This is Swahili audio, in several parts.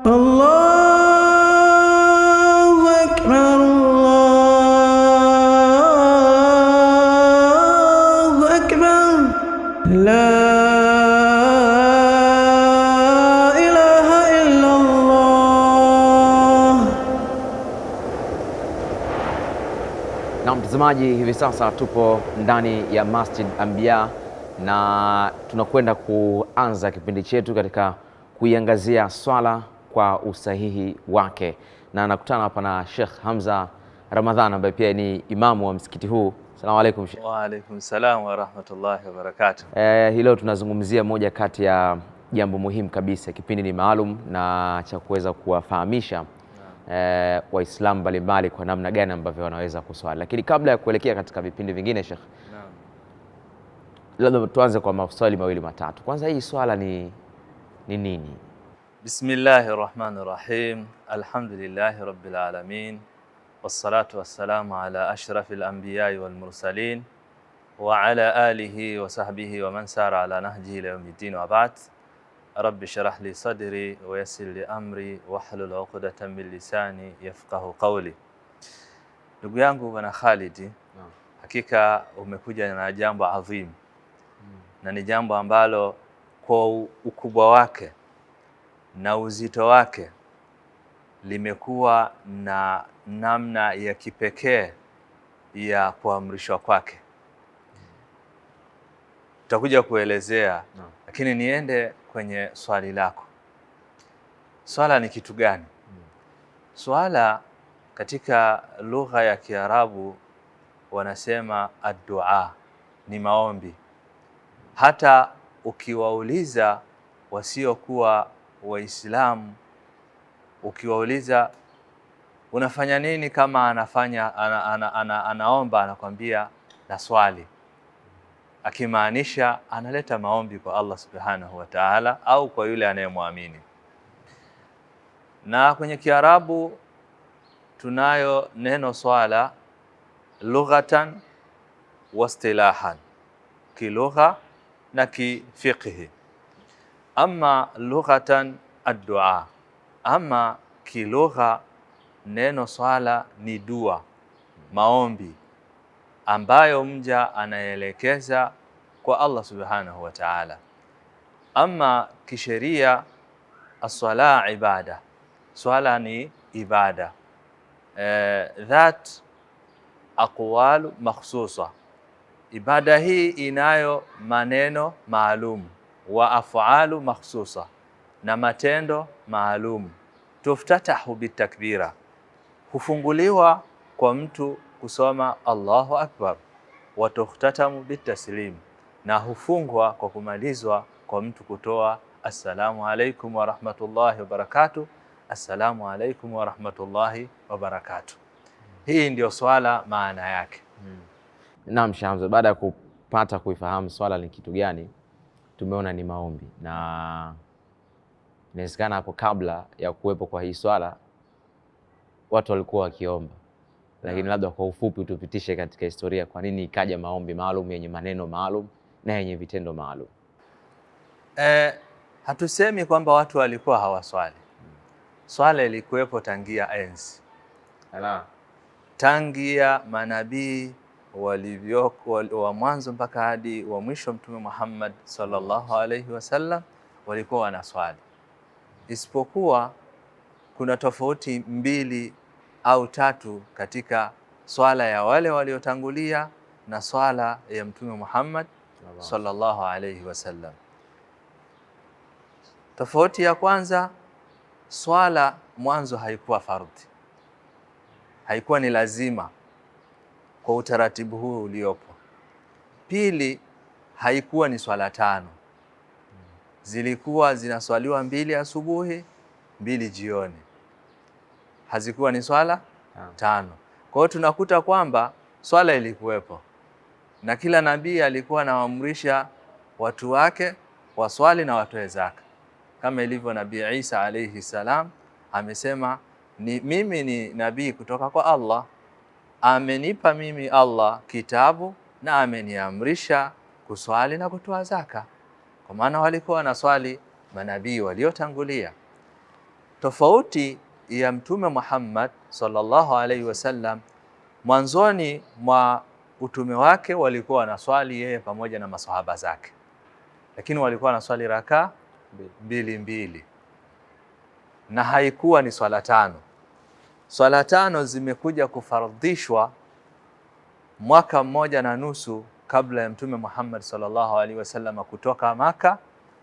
Allahu mtazamaji, hivi sasa tupo ndani ya Masjid ambia na tunakwenda kuanza kipindi chetu katika kuiangazia swala kwa usahihi wake, na nakutana hapa na Sheikh Hamza Ramadhan ambaye pia ni imamu wa msikiti huu. Asalamu alaykum Sheikh. Wa alaykum salam wa rahmatullahi wa barakatuh. Eh, hii leo tunazungumzia moja kati ya jambo muhimu kabisa. Kipindi ni maalum na cha kuweza kuwafahamisha eh, Waislamu mbalimbali kwa namna gani ambavyo wanaweza kuswali, lakini kabla ya kuelekea katika vipindi vingine Sheikh, labda tuanze kwa maswali mawili matatu. Kwanza, hii swala ni ni nini? بسم الله الرحمن الرحيم الحمد لله رب العالمين والصلاة والسلام على أشرف الأنبياء والمرسلين وعلى آله وصحبه ومن سار على نهجه ليوم الدين وبعد رب شرح لي صدري ويسر لي أمري واحلل عقدة من لساني يفقه قولي Ndugu بنا خالدي حقيقة ومكوجة umekuja عظيم jambo adhimu hmm. na ni jambo ambalo kwa ukubwa wake na uzito wake limekuwa na namna ya kipekee ya kuamrishwa kwake, tutakuja kuelezea no. Lakini niende kwenye swali lako, swala ni kitu gani? mm. Swala katika lugha ya Kiarabu wanasema addua, ni maombi. Hata ukiwauliza wasiokuwa Waislamu ukiwauliza unafanya nini, kama anafanya ana, ana, ana, anaomba anakwambia na swali akimaanisha analeta maombi kwa Allah subhanahu wa ta'ala, au kwa yule anayemwamini. Na kwenye Kiarabu tunayo neno swala lughatan wa kilugha na kifiqhi ama lughatan addua, ama kilugha neno swala ni dua, maombi ambayo mja anaelekeza kwa Allah subhanahu wa ta'ala. Ama kisheria aswala ibada, swala ni ibada eh, that aqwalu makhsusa, ibada hii inayo maneno maalumu wa af'alu makhsusa, na matendo maalum. Tuftatahu bitakbira, hufunguliwa kwa mtu kusoma Allahu akbar. Watuhtatamu bitaslim, na hufungwa kwa kumalizwa kwa mtu kutoa assalamu alaikum warahmatullahi wabarakatuh, assalamu alaikum warahmatullahi wabarakatuh. Hii ndio swala maana yake. Hmm. Naam, Sheikh Hamza, baada ya kupata kuifahamu swala ni kitu gani tumeona ni maombi, na inawezekana hapo kabla ya kuwepo kwa hii swala watu walikuwa wakiomba, lakini labda kwa ufupi tupitishe katika historia, kwa nini ikaja maombi maalum yenye maneno maalum na yenye vitendo maalum. Eh, hatusemi kwamba watu walikuwa hawaswali. Swala ilikuwepo tangia enzi, tangia manabii walivyoko wa mwanzo mpaka hadi wa mwisho Mtume Muhammad sallallahu alaihi wasallam walikuwa wanaswali, isipokuwa kuna tofauti mbili au tatu katika swala ya wale waliotangulia na swala ya Mtume Muhammad sallallahu alaihi wasallam. Tofauti ya kwanza, swala mwanzo haikuwa fardhi, haikuwa ni lazima kwa utaratibu huu uliopo. Pili, haikuwa ni swala tano, zilikuwa zinaswaliwa mbili asubuhi, mbili jioni, hazikuwa ni swala ah. tano. Kwa hiyo tunakuta kwamba swala ilikuwepo na kila nabii alikuwa anawaamrisha watu wake waswali na watoe zaka, kama ilivyo Nabii Isa alaihi salam amesema, ni mimi ni nabii kutoka kwa Allah amenipa mimi Allah kitabu na ameniamrisha kuswali na kutoa zaka. Kwa maana walikuwa na swali manabii waliotangulia, tofauti ya Mtume Muhammad sallallahu alaihi wasallam. Mwanzoni mwa utume wake walikuwa na swali yeye pamoja na masahaba zake, lakini walikuwa na swali rakaa mbili mbili, na haikuwa ni swala tano. Swala tano zimekuja kufardhishwa mwaka mmoja na nusu kabla ya Mtume Muhammad sallallahu alaihi wasallam kutoka Maka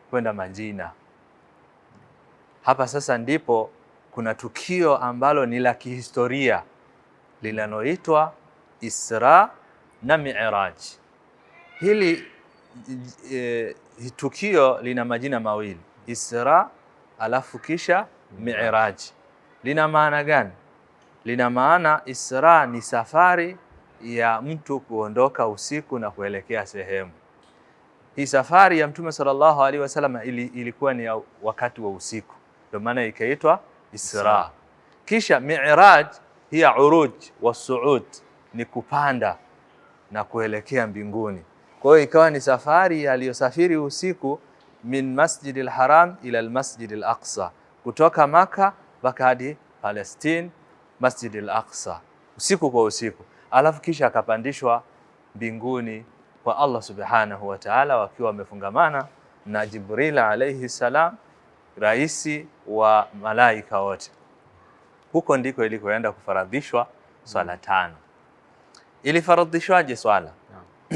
kwenda Madina. Hapa sasa ndipo kuna tukio ambalo ni la kihistoria linaloitwa Isra na Mi'raj. Hili e, tukio lina majina mawili Isra alafu kisha Mi'raj. Lina maana gani? lina maana Isra ni safari ya mtu kuondoka usiku na kuelekea sehemu. Hii safari ya Mtume sallallahu alaihi wasallam ili, ilikuwa ni wakati wa usiku, ndio maana ikaitwa Isra. Kisha Mi'raj hiya uruj wa suud, ni kupanda na kuelekea mbinguni. Kwa hiyo ikawa ni safari aliyosafiri usiku min Masjidil Haram ila al Masjidil Aqsa, kutoka Maka mpaka hadi Palestine Masjid al-Aqsa usiku kwa usiku, alafu kisha akapandishwa mbinguni kwa Allah subhanahu wa ta'ala, wakiwa wamefungamana na Jibril alayhi salam, raisi wa malaika wote. Huko ndiko ilikoenda kufaradhishwa swala tano. Ilifaradhishwaje swala?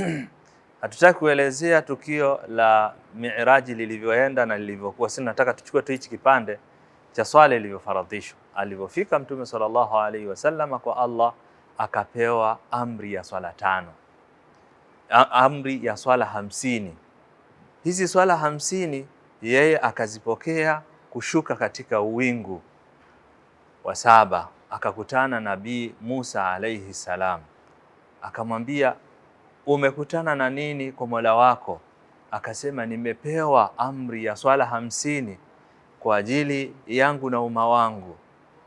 Hatutaki kuelezea tukio la Miraji lilivyoenda na lilivyokuwa, sisi nataka tuchukue tu hichi kipande cha swala ilivyofaradhishwa alivyofika Mtume sallallahu alaihi wasallam kwa Allah akapewa amri ya swala tano, amri ya swala hamsini. Hizi swala hamsini yeye akazipokea kushuka katika uwingu wa saba, akakutana nabii Musa alaihi salam, akamwambia umekutana na nini kwa Mola wako? Akasema, nimepewa amri ya swala hamsini kwa ajili yangu na umma wangu.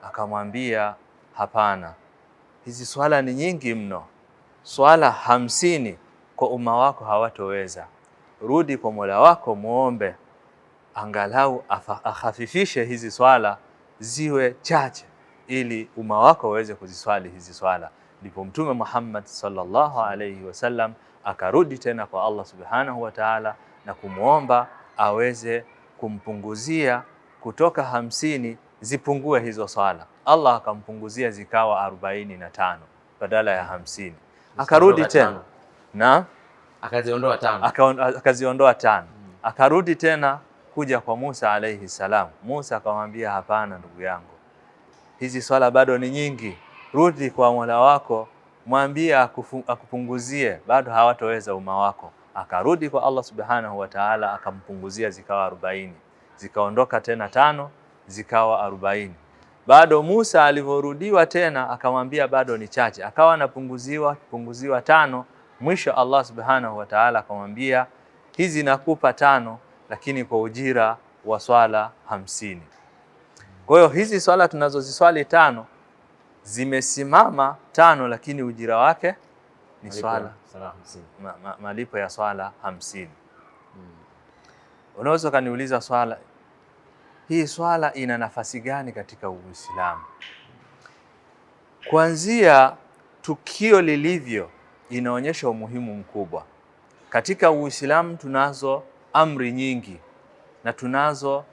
Akamwambia, hapana, hizi swala ni nyingi mno, swala hamsini kwa umma wako hawatoweza. Rudi kwa Mola wako muombe angalau ahafifishe hizi swala ziwe chache, ili umma wako waweze kuziswali hizi swala. Ndipo Mtume Muhammad sallallahu alaihi wasallam akarudi tena kwa Allah subhanahu wa taala na kumwomba aweze kumpunguzia kutoka hamsini zipungue hizo swala. Allah akampunguzia zikawa arobaini na tano badala ya hamsini akarudi tena na akaziondoa tano, akaziondoa tano. Hmm. Akarudi tena kuja kwa Musa alaihi salam. Musa akamwambia, hapana ndugu yangu, hizi swala bado ni nyingi, rudi kwa Mola wako mwambie akupunguzie, bado hawatoweza umma wako. Akarudi kwa Allah subhanahu wa taala akampunguzia zikawa arobaini, zikaondoka tena tano zikawa arobaini. Bado Musa alivyorudiwa tena akamwambia bado ni chache, akawa anapunguziwa punguziwa tano. Mwisho Allah subhanahu wa taala akamwambia hizi nakupa tano, lakini kwa ujira wa swala hamsini. Kwa hiyo hizi swala tunazoziswali tano zimesimama tano, lakini ujira wake ni swala malipo ya swala hamsini. Hmm. Unaweza ukaniuliza swala hii swala ina nafasi gani katika Uislamu? Kuanzia tukio lilivyo inaonyesha umuhimu mkubwa. Katika Uislamu tunazo amri nyingi na tunazo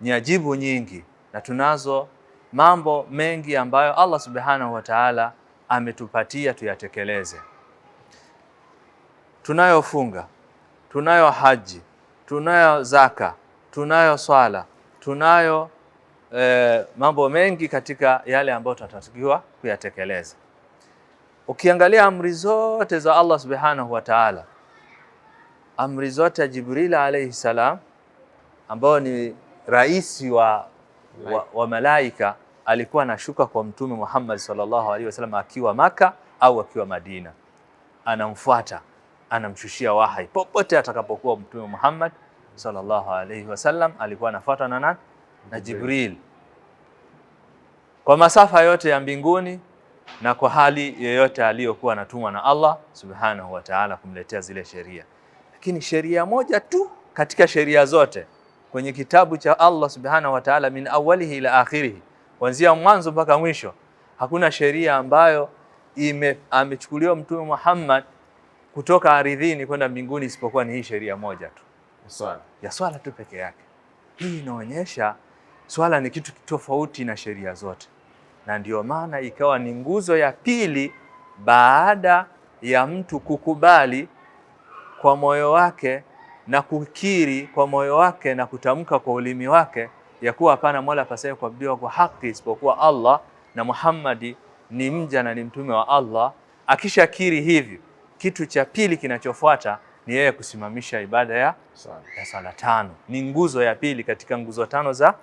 nyajibu nyingi na tunazo mambo mengi ambayo Allah Subhanahu wa Ta'ala ametupatia tuyatekeleze. Tunayo funga, tunayo haji, tunayo zaka, tunayo swala tunayo eh, mambo mengi katika yale ambayo tunatakiwa kuyatekeleza. Ukiangalia amri zote za Allah subhanahu wa ta'ala, amri zote ya Jibril alayhi salam ambayo ni raisi wa, wa, wa malaika alikuwa anashuka kwa Mtume Muhammad sallallahu alaihi wasallam akiwa Maka au akiwa Madina, anamfuata anamshushia wahai popote atakapokuwa Mtume Muhammad sallallahu alayhi wasallam alikuwa anafuatwa na nani? Na Jibril kwa masafa yote ya mbinguni na kwa hali yoyote aliyokuwa anatumwa na Allah subhanahu wa ta'ala kumletea zile sheria, lakini sheria moja tu katika sheria zote kwenye kitabu cha Allah subhanahu wa ta'ala, min awalihi ila akhirihi, kuanzia mwanzo mpaka mwisho, hakuna sheria ambayo ime, amechukuliwa Mtume Muhammad kutoka aridhini kwenda mbinguni isipokuwa ni hii sheria moja tu swala ya swala tu peke yake. Hii inaonyesha swala ni kitu tofauti na sheria zote, na ndio maana ikawa ni nguzo ya pili baada ya mtu kukubali kwa moyo wake na kukiri kwa moyo wake na kutamka kwa ulimi wake ya kuwa hapana mola apasaye kuabudiwa kwa haki isipokuwa Allah na Muhammadi ni mja na ni mtume wa Allah. Akishakiri hivyo, kitu cha pili kinachofuata ni yeye kusimamisha ibada ya Sala. ya sala tano ni nguzo ya pili katika nguzo tano za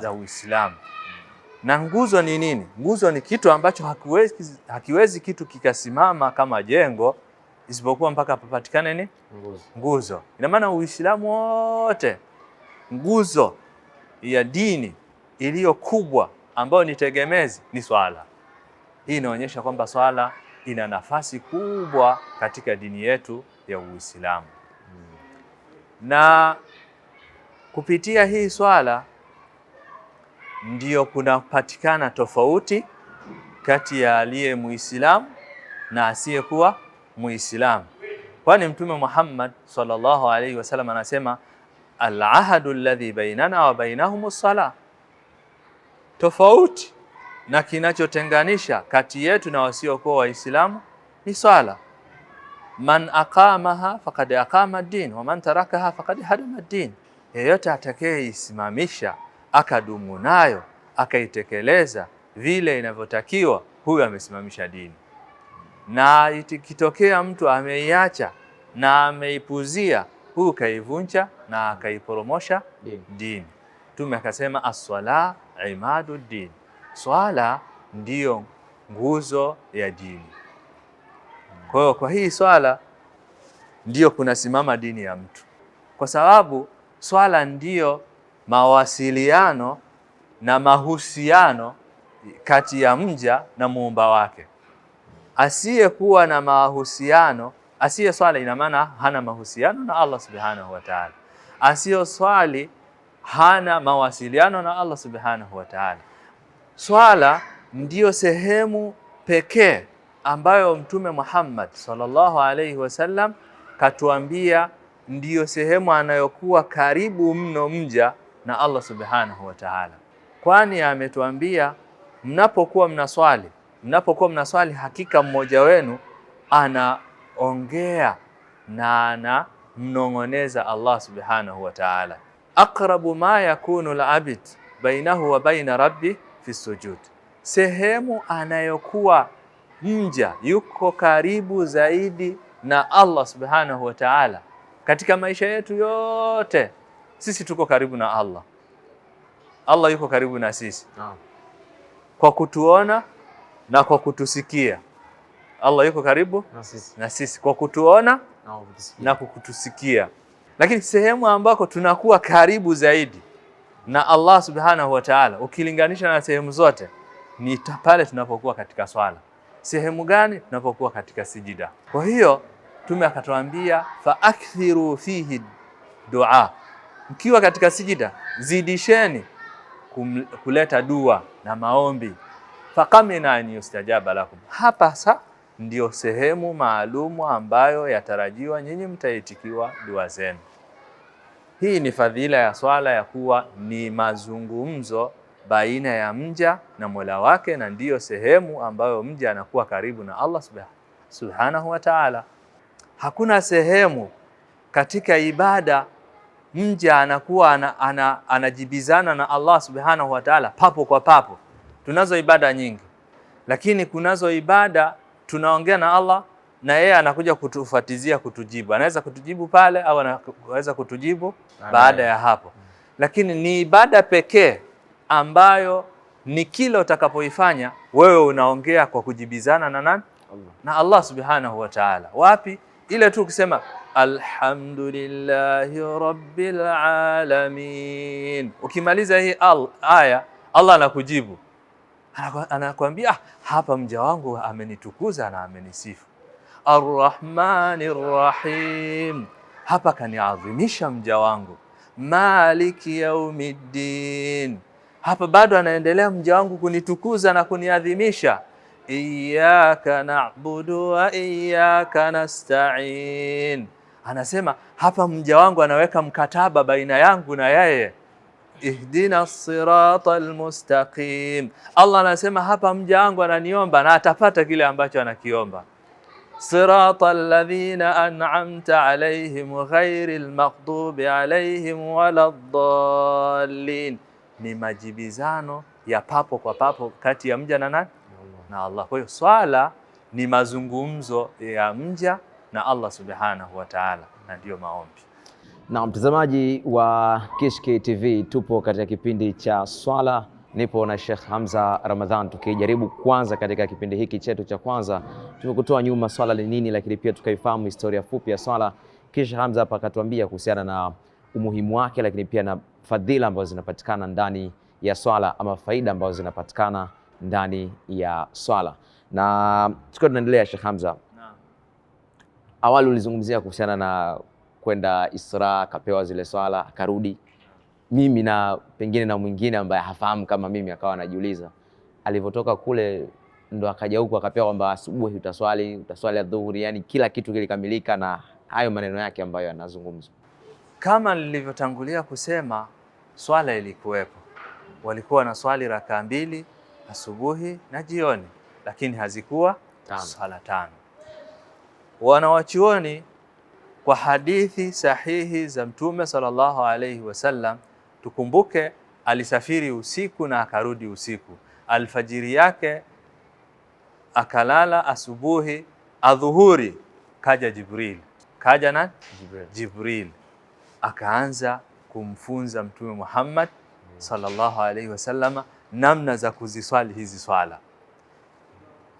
za Uislamu. Na nguzo ni nini? Nguzo ni kitu ambacho hakiwezi, hakiwezi kitu kikasimama kama jengo isipokuwa mpaka papatikane ni nguzo. Nguzo ina maana Uislamu wote nguzo ya dini iliyo kubwa ambayo ni tegemezi ni swala. Hii inaonyesha kwamba swala ina nafasi kubwa katika dini yetu ya Uislamu hmm. Na kupitia hii swala ndiyo kunapatikana tofauti kati ya aliye Muislamu na asiyekuwa Muislamu, kwani Mtume Muhammad sallallahu alaihi wasallam anasema alahadu alladhi bainana wa bainahum sala, tofauti na kinachotenganisha kati yetu na wasiokuwa Waislamu ni swala man aqamaha faqad aqama ad-din wa man tarakaha faqad hadama ad-din, yeyote atakayeisimamisha akadumu nayo akaitekeleza vile inavyotakiwa, huyo amesimamisha dini. Na ikitokea mtu ameiacha na ameipuzia, huyu kaivunja na akaiporomosha dini. Mtume akasema as imadu din, swala ndiyo nguzo ya dini. Kwa hiyo kwa hii swala ndiyo kunasimama dini ya mtu, kwa sababu swala ndiyo mawasiliano na mahusiano kati ya mja na muumba wake. Asiyekuwa na mahusiano, asiye swala ina maana hana mahusiano na Allah subhanahu wa taala. Asiyo swali hana mawasiliano na Allah subhanahu wa taala. Swala ndiyo sehemu pekee ambayo Mtume Muhammad sallallahu alaihi wasallam katuambia ndiyo sehemu anayokuwa karibu mno mja na Allah subhanahu wa taala, kwani ametuambia mnapokuwa mnaswali, mnapokuwa mnaswali, hakika mmoja wenu anaongea na anamnong'oneza Allah subhanahu wa taala, aqrabu ma yakunu labid bainahu wa baina rabbi fi sujud, sehemu anayokuwa mja yuko karibu zaidi na Allah subhanahu wa ta'ala. Katika maisha yetu yote sisi tuko karibu na Allah, Allah yuko karibu na sisi kwa kutuona na kwa kutusikia. Allah yuko karibu na sisi, na sisi kwa kutuona na, na kwa kutusikia, lakini sehemu ambako tunakuwa karibu zaidi na Allah subhanahu wa ta'ala ukilinganisha na sehemu zote ni pale tunapokuwa katika swala. Sehemu gani? Tunapokuwa katika sijida. Kwa hiyo Mtume akatuambia faakthiru fihi dua, mkiwa katika sijida zidisheni kum, kuleta dua na maombi. Fakamina an yustajaba lakum, hapa sa ndio sehemu maalumu ambayo yatarajiwa nyinyi mtaitikiwa dua zenu. Hii ni fadhila ya swala ya kuwa ni mazungumzo baina ya mja na Mola wake, na ndiyo sehemu ambayo mja anakuwa karibu na Allah subhanahu wa ta'ala. Hakuna sehemu katika ibada mja anakuwa ana, ana, anajibizana na Allah subhanahu wa ta'ala papo kwa papo. Tunazo ibada nyingi, lakini kunazo ibada tunaongea na Allah na yeye anakuja kutufuatizia kutujibu, anaweza kutujibu pale au anaweza kutujibu baada ya hapo, lakini ni ibada pekee ambayo ni kila utakapoifanya wewe unaongea kwa kujibizana na nani? Allah. Na Allah subhanahu wa ta'ala. Wapi? Ile tu ukisema alhamdulillahi rabbil alamin, ukimaliza hii al aya Allah anakujibu, anakuambia ah, hapa mja wangu amenitukuza na amenisifu. Arrahmanir rahim, hapa kaniadhimisha mja wangu. Maliki yaumiddin hapa bado anaendelea mja wangu kunitukuza na kuniadhimisha. Iyaka na'budu wa iyaka nasta'in, anasema hapa mja wangu anaweka mkataba baina yangu na yeye. Ihdina sirata almustaqim, Allah anasema hapa mja wangu ananiomba na atapata kile ambacho anakiomba. Sirata alladhina an'amta alayhim ghairi almaghdubi alayhim waladdallin ni majibizano ya papo kwa papo kati ya mja na nani? Na Allah. Kwa hiyo swala ni mazungumzo ya mja na Allah subhanahu wa ta'ala, na ndiyo maombi. Na mtazamaji wa Kishki TV, tupo katika kipindi cha swala nipo na Sheikh Hamza Ramadhan tukijaribu kwanza, katika kipindi hiki chetu cha kwanza tumekutoa nyuma swala ni nini, lakini pia tukaifahamu historia fupi ya swala. Kisha Hamza hapa akatuambia kuhusiana na umuhimu wake, lakini pia na fadhila ambazo zinapatikana ndani ya swala ama faida ambazo zinapatikana ndani ya swala. Na tukiwa tunaendelea, Sheikh Hamza, awali ulizungumzia kuhusiana na kwenda Isra, akapewa zile swala akarudi. Mimi na pengine na mwingine ambaye hafahamu kama mimi akawa anajiuliza alivyotoka kule ndo akaja huku akapewa kwamba asubuhi utaswali utaswali adhuhuri, yani kila kitu kilikamilika, na hayo maneno yake ambayo anazungumza. Kama nilivyotangulia kusema, swala ilikuwepo, walikuwa na swali rakaa mbili asubuhi na jioni, lakini hazikuwa tano. Swala tano. Wanawachuoni kwa hadithi sahihi za Mtume sallallahu alaihi wasallam, tukumbuke alisafiri usiku na akarudi usiku, alfajiri yake akalala, asubuhi adhuhuri kaja Jibril, kaja na Jibril, Jibril akaanza kumfunza Mtume Muhammad mm. sallallahu alaihi wasallama namna za kuziswali hizi swala.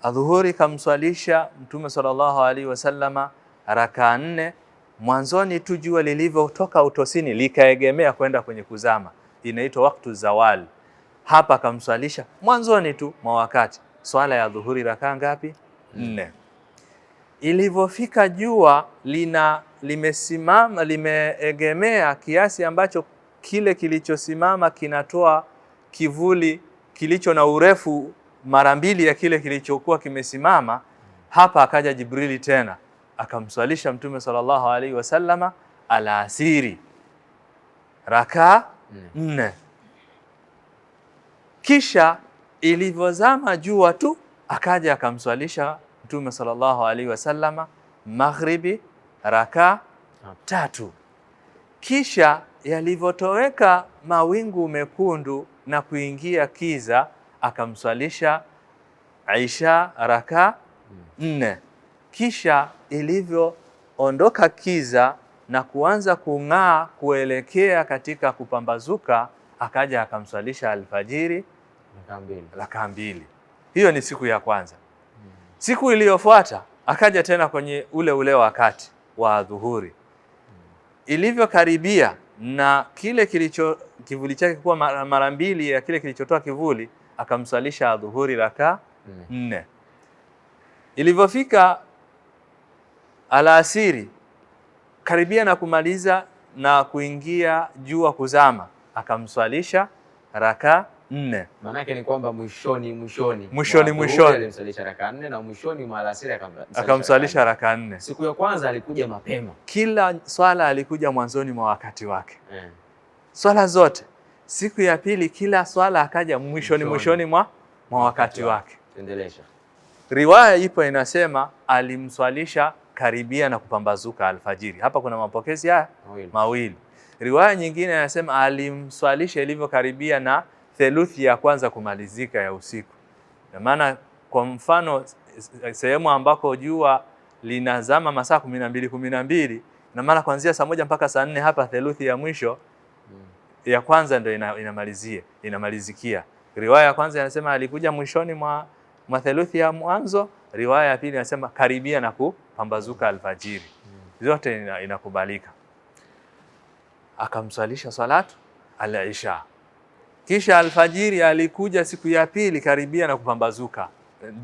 Adhuhuri kamswalisha Mtume sallallahu alaihi wasallama rakaa nne. Mwanzoni tu jua lilivyotoka utosini likaegemea kwenda kwenye kuzama, inaitwa waktu zawal. Hapa kamswalisha mwanzoni tu mwa wakati. Swala ya dhuhuri rakaa ngapi? Mm. Nne ilivyofika jua lina limesimama limeegemea kiasi ambacho kile kilichosimama kinatoa kivuli kilicho na urefu mara mbili ya kile kilichokuwa kimesimama. Hapa akaja Jibrili tena akamswalisha Mtume sallallahu alaihi wasallama alasiri rakaa nne. Kisha ilivyozama jua tu akaja akamswalisha Mtume sallallahu alaihi wasallama maghribi rakaa tatu, kisha yalivyotoweka mawingu mekundu na kuingia kiza akamswalisha Aisha rakaa nne, kisha ilivyoondoka kiza na kuanza kung'aa kuelekea katika kupambazuka akaja akamswalisha alfajiri rakaa mbili. Hiyo ni siku ya kwanza. Siku iliyofuata akaja tena kwenye ule ule wakati wa dhuhuri, ilivyokaribia na kile kilicho kivuli chake kuwa mara mbili ya kile kilichotoa kivuli, akamswalisha adhuhuri raka mm. nne. Ilivyofika alaasiri karibia na kumaliza na kuingia jua kuzama, akamswalisha raka nne. Maana yake ni kwamba mwishoni mwishoni mwishoni mwishoni alimsalisha raka nne na mwishoni mwa alasiri akamsalisha raka nne. Siku ya kwanza alikuja mapema, kila swala alikuja mwanzoni mwa wakati wake eh, swala zote. Siku ya pili kila swala akaja mwishoni mwishoni mwa, mwa wakati wake. Endelesha. Riwaya ipo inasema alimswalisha karibia na kupambazuka alfajiri. Hapa kuna mapokezi haya mawili. Riwaya nyingine inasema alimswalisha ilivyokaribia na theluthi ya kwanza kumalizika ya usiku. Na maana kwa mfano sehemu ambako jua linazama masaa kumi na mbili kumi na mbili na mara kuanzia saa moja mpaka saa nne hapa theluthi ya mwisho hmm. ya kwanza ndio inamalizia inamalizikia. Riwaya ya kwanza inasema alikuja mwishoni mwa, mwa theluthi ya mwanzo. Riwaya ya pili inasema karibia na kupambazuka alfajiri. Hmm. Zote inakubalika. Akamswalisha salatu al-isha. Kisha alfajiri alikuja siku ya pili karibia na kupambazuka,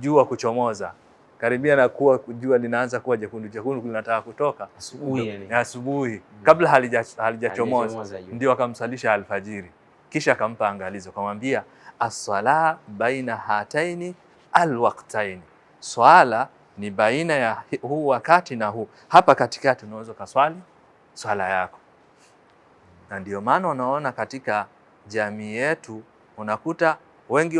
jua kuchomoza karibia na kuwa jua linaanza kuwa jekundu jekundu, linataka kutoka asubuhi asubuhi mm. kabla halijachomoza halija ndio akamsalisha alfajiri, kisha akampa angalizo, akamwambia aswala baina hataini alwaktaini, swala ni baina ya huu wakati na huu hapa katikati, unaweza ukaswali swala yako, na ndio maana unaona katika jamii yetu unakuta wengi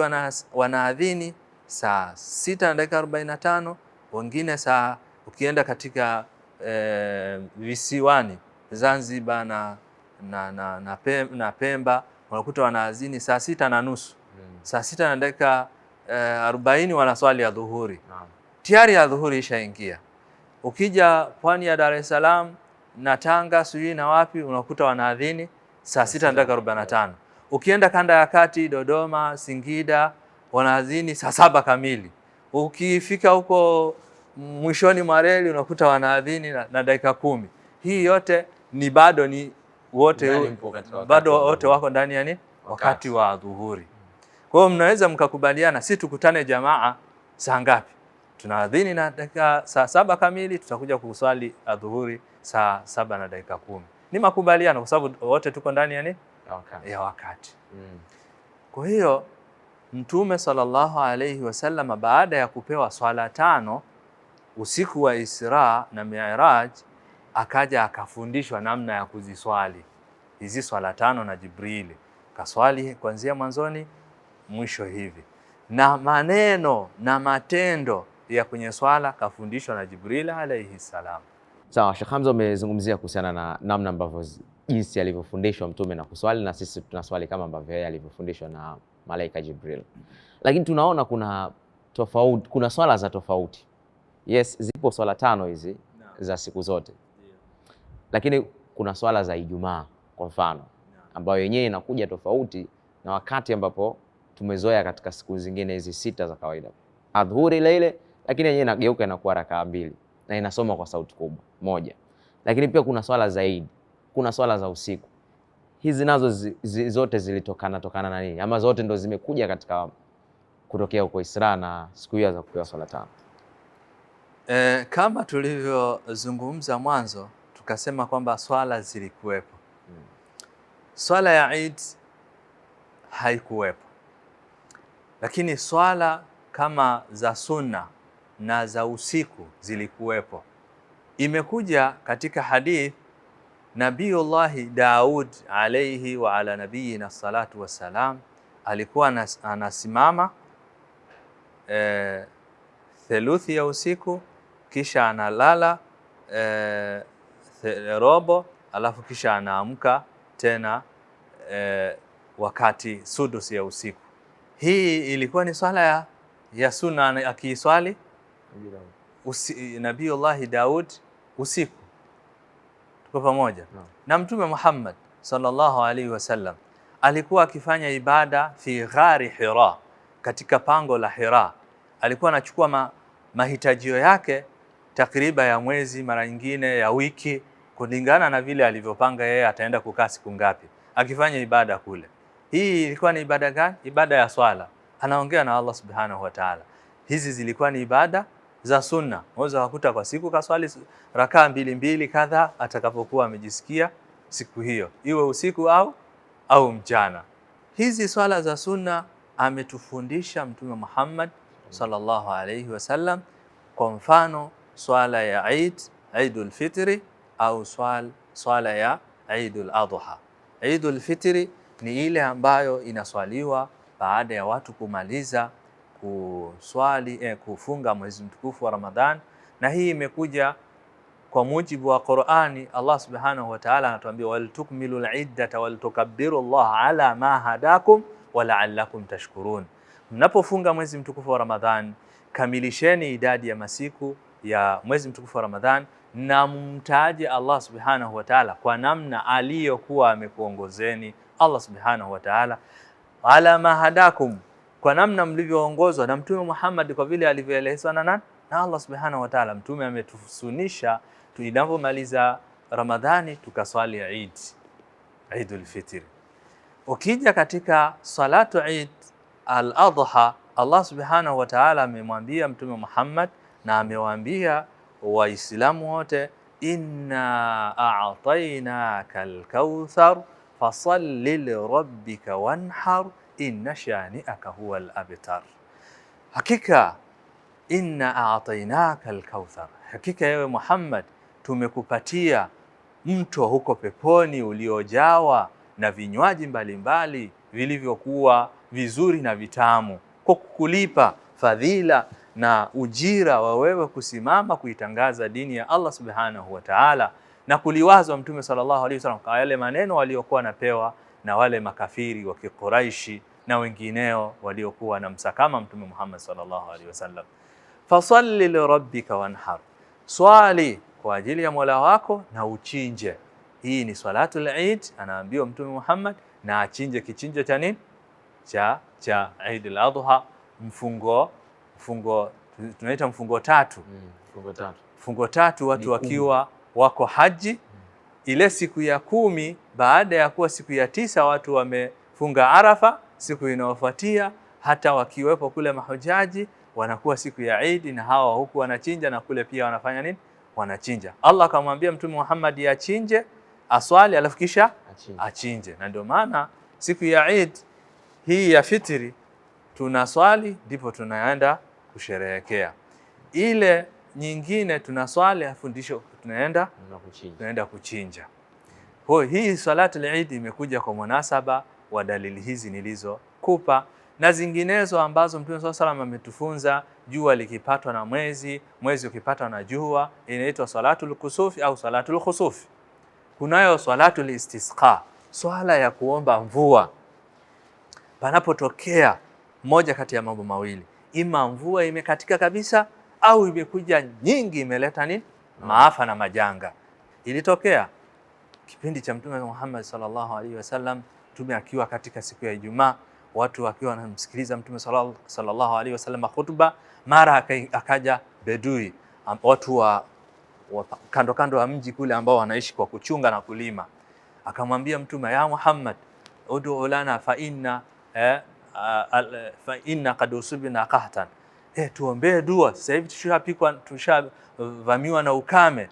wanaadhini saa sita na dakika arobaini na tano wengine saa ukienda katika e, visiwani Zanzibar na, na, na, na, Pemba, na Pemba unakuta wanaadhini saa sita na nusu hmm. saa sita na dakika e, arobaini wanaswali ya dhuhuri hmm. tayari ya dhuhuri ishaingia. Ukija pwani ya Dar es Salaam na Tanga sijui na wapi unakuta wanaadhini saa sita na dakika arobaini na tano Ukienda kanda ya kati, Dodoma, Singida, wanaadhini saa saba kamili. Ukifika huko mwishoni mwa reli unakuta wanaadhini na, na dakika kumi. Hii yote ni bado ni wote bado wote wako ndani ya ni wakati wa dhuhuri. Kwa hiyo mnaweza mkakubaliana, si tukutane jamaa saa ngapi? Tunaadhini na dakika saa saba kamili, tutakuja kuswali adhuhuri saa saba na dakika kumi. Ni makubaliano kwa sababu wote tuko ndani yani wakati. ya wakati mm. Kwa hiyo Mtume sallallahu alaihi wasallam baada ya kupewa swala tano usiku wa Isra na Mi'raj, akaja akafundishwa namna ya kuziswali hizi swala tano na Jibrili kaswali kuanzia mwanzoni mwisho hivi, na maneno na matendo ya kwenye swala kafundishwa na Jibril alayhi salam. Sawa, Sheikh Hamza, umezungumzia kuhusiana na namna ambavyo jinsi alivyofundishwa Mtume na kuswali, na sisi tunaswali kama ambavyo yeye alivyofundishwa na malaika Jibril. Lakini tunaona kuna tofauti, kuna swala za tofauti. Yes, zipo swala tano hizi no. za siku zote yeah. Lakini kuna swala za Ijumaa kwa mfano ambayo yenyewe inakuja tofauti na wakati ambapo tumezoea katika siku zingine hizi sita za kawaida. Adhuhuri ile ile, lakini yenyewe inageuka inakuwa rakaa mbili na inasoma kwa sauti kubwa moja. Lakini pia kuna swala zaidi kuna swala za usiku. Hizi nazo zi, zi, zote zilitokana tokana na nini, ama zote ndo zimekuja katika kutokea huko Isra na siku hiyo za kupewa swala tano. E, kama tulivyozungumza mwanzo tukasema kwamba swala zilikuwepo hmm. Swala ya Eid haikuwepo, lakini swala kama za sunna na za usiku zilikuwepo. Imekuja katika hadith Nabiyullahi Daud alaihi wa ala nabiyina salatu wassalam alikuwa anasimama e, theluthi ya usiku kisha analala e, the, robo alafu kisha anaamka tena e, wakati sudus ya usiku. Hii ilikuwa ni swala ya, ya sunna akiiswali Nabiyullahi Daud usiku kwa pamoja no. Na Mtume Muhammad sallallahu alaihi wasallam alikuwa akifanya ibada fi ghari Hira, katika pango la Hira. Alikuwa anachukua ma, mahitajio yake takriba ya mwezi, mara nyingine ya wiki, kulingana na vile alivyopanga yeye ataenda kukaa siku ngapi, akifanya ibada kule. Hii ilikuwa ni ibada gani? Ibada ya swala. Anaongea na Allah subhanahu wa ta'ala. Hizi zilikuwa ni ibada za sunna. Unaweza kukuta kwa siku kaswali rakaa mbili mbili kadha atakapokuwa amejisikia siku hiyo, iwe usiku au au mchana. Hizi swala za sunna ametufundisha Mtume Muhammad sallallahu alayhi wasallam, kwa mfano swala ya Eid, Eidul Fitri au swala, swala ya Eidul Adha. Eidul Fitri ni ile ambayo inaswaliwa baada ya watu kumaliza kuswali eh, kufunga mwezi mtukufu wa Ramadhani, na hii imekuja kwa mujibu wa Qur'ani. Allah subhanahu wa ta'ala anatuambia waltukmilu liddata waltukabbiru Allah ala ma hadakum walaalakum tashkurun, mnapofunga mwezi mtukufu wa Ramadhani kamilisheni idadi ya masiku ya mwezi mtukufu wa Ramadhani na mumtaje Allah subhanahu wa ta'ala kwa namna aliyokuwa amekuongozeni. Allah subhanahu wa ta'ala ala ma hadakum kwa namna mlivyoongozwa na Mtume Muhammad kwa vile alivyoelezwa na nani na Allah subhanahu wa taala. Mtume ametusunisha tunapomaliza Ramadhani tukaswali Eid, Eidul Fitr. Ukija katika salatu Eid al-Adha, Allah subhanahu wa taala amemwambia Mtume Muhammad na amewaambia Waislamu wote, inna a'tainaka al-kauthar fasalli li rabbika wanhar inna shani'aka huwa al hakika inna a'tainaka al hakika yewe Muhammad tumekupatia mto huko peponi uliojawa na vinywaji mbalimbali vilivyokuwa vizuri na vitamu, kwa kukulipa fadhila na ujira wa wewe kusimama kuitangaza dini ya Allah subhanahu wa ta'ala. Na kuliwazwa Mtume sallallahu alaihi wasallam kwa yale maneno waliokuwa wanapewa na wale makafiri wa Kiquraishi na wengineo waliokuwa msakama Mtume Muhammad sallallahu alaihi wasallam. Fasalli lirabbika wanhar, swali kwa ajili ya Mola wako na uchinje. Hii ni swalatul Eid, anaambiwa Mtume Muhammad na achinje kichinjo cha nini cha cha Eid al-Adha, mfungo mfungo tunaita mfungo tatu, mm, mfungo tatu mfungo tatu, watu wakiwa wako haji mm. ile siku ya kumi baada ya kuwa siku ya tisa watu wamefunga Arafa siku inayofuatia hata wakiwepo kule mahujaji wanakuwa siku ya Idi na hawa huku wanachinja na kule pia wanafanya nini? Wanachinja. Allah akamwambia Mtume Muhammad achinje, aswali alafu kisha achinje, achinje. Na ndio maana siku ya Idi hii ya fitri tunaswali ndipo tunaenda kusherehekea, ile nyingine tunaswali ndisho tunaenda tunaenda kuchinja. Kwa hii salatu al-Eid imekuja kwa munasaba wa dalili hizi nilizokupa na zinginezo ambazo Mtume swalla salam ametufunza. Jua likipatwa na mwezi, mwezi ukipatwa na jua, inaitwa salatul kusufi au salatul khusufi. Kunayo salatul istisqa, swala ya kuomba mvua panapotokea moja kati ya mambo mawili, ima mvua imekatika kabisa au imekuja nyingi, imeleta nini maafa na majanga. Ilitokea kipindi cha Mtume Muhammad sallallahu alaihi wasallam mtume akiwa katika siku ya Ijumaa, watu wakiwa wanamsikiliza mtume sallallahu alaihi wasallam khutba, mara akaja bedui, watu wa, wa kando kando wa mji kule ambao wanaishi kwa kuchunga na kulima, akamwambia mtume, ya Muhammad ud'u lana fa inna eh, fa inna qad usibna qahtan eh, tuombee dua sasa hivi tushapikwa tushavamiwa na ukame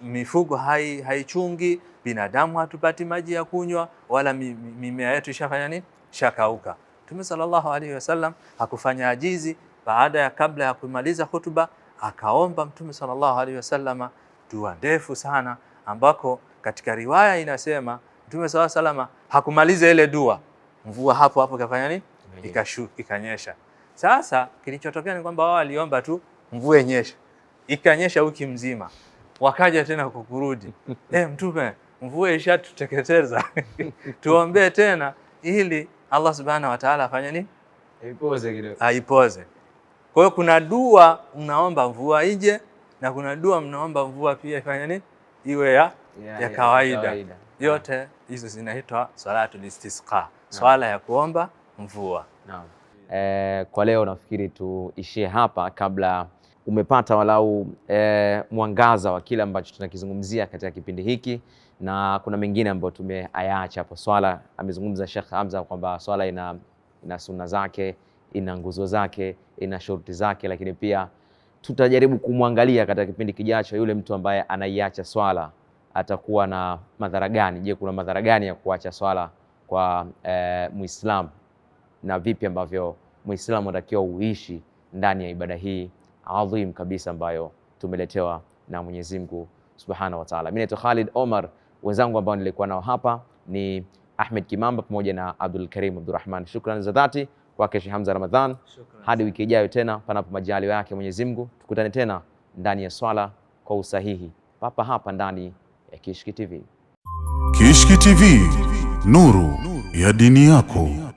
mifugo hai haichungi, binadamu hatupati maji ya kunywa, wala mimea yetu ishafanya nini? Shakauka. Mtume sallallahu alaihi wasallam hakufanya ajizi. Baada ya kabla ya kumaliza hutuba, akaomba Mtume sallallahu alaihi wasallama dua ndefu sana, ambako katika riwaya inasema Mtume sallallahu alaihi wasallama hakumaliza ile dua, mvua hapo hapo ikafanya nini? ikanyesha. Sasa kilichotokea ni kwamba wao waliomba tu mvua inyeshe ikanyesha wiki mzima wakaja tena kukurudi e, Mtume, mvua ishatuteketeza tuombee tena ili Allah subhanahu wa taala afanye nini? Aipoze kidogo, aipoze. Kwa hiyo kuna dua mnaomba mvua ije na kuna dua mnaomba mvua pia ifanye nini, iwe ya, yeah, ya kawaida, kawaida. Yote hizo zinaitwa salatul istisqa, swala ya kuomba mvua. Naam. Eh, kwa leo nafikiri tuishie hapa kabla umepata walau e, mwangaza wa kile ambacho tunakizungumzia katika kipindi hiki, na kuna mengine ambayo tumeayaacha hapo. Swala amezungumza Sheikh Hamza kwamba swala ina, ina sunna zake, ina nguzo zake, ina shuruti zake, lakini pia tutajaribu kumwangalia katika kipindi kijacho yule mtu ambaye anaiacha swala atakuwa na madhara gani? Je, kuna madhara gani ya kuacha swala kwa e, eh, Muislamu na vipi ambavyo Muislamu anatakiwa uishi ndani ya ibada hii adhim kabisa ambayo tumeletewa na Mwenyezi Mungu Subhanahu wa Ta'ala. Mimi naitwa Khalid Omar, wenzangu ambao nilikuwa nao hapa ni Ahmed Kimamba pamoja na Abdul Karim Abdurrahman. Shukrani za dhati kwake Sheikh Hamza Ramadhan. Hadi wiki ijayo tena, panapo majaliwa yake Mwenyezi Mungu, tukutane tena ndani ya swala kwa usahihi, papa hapa ndani ya Kishki TV. Kishki TV, nuru ya dini yako.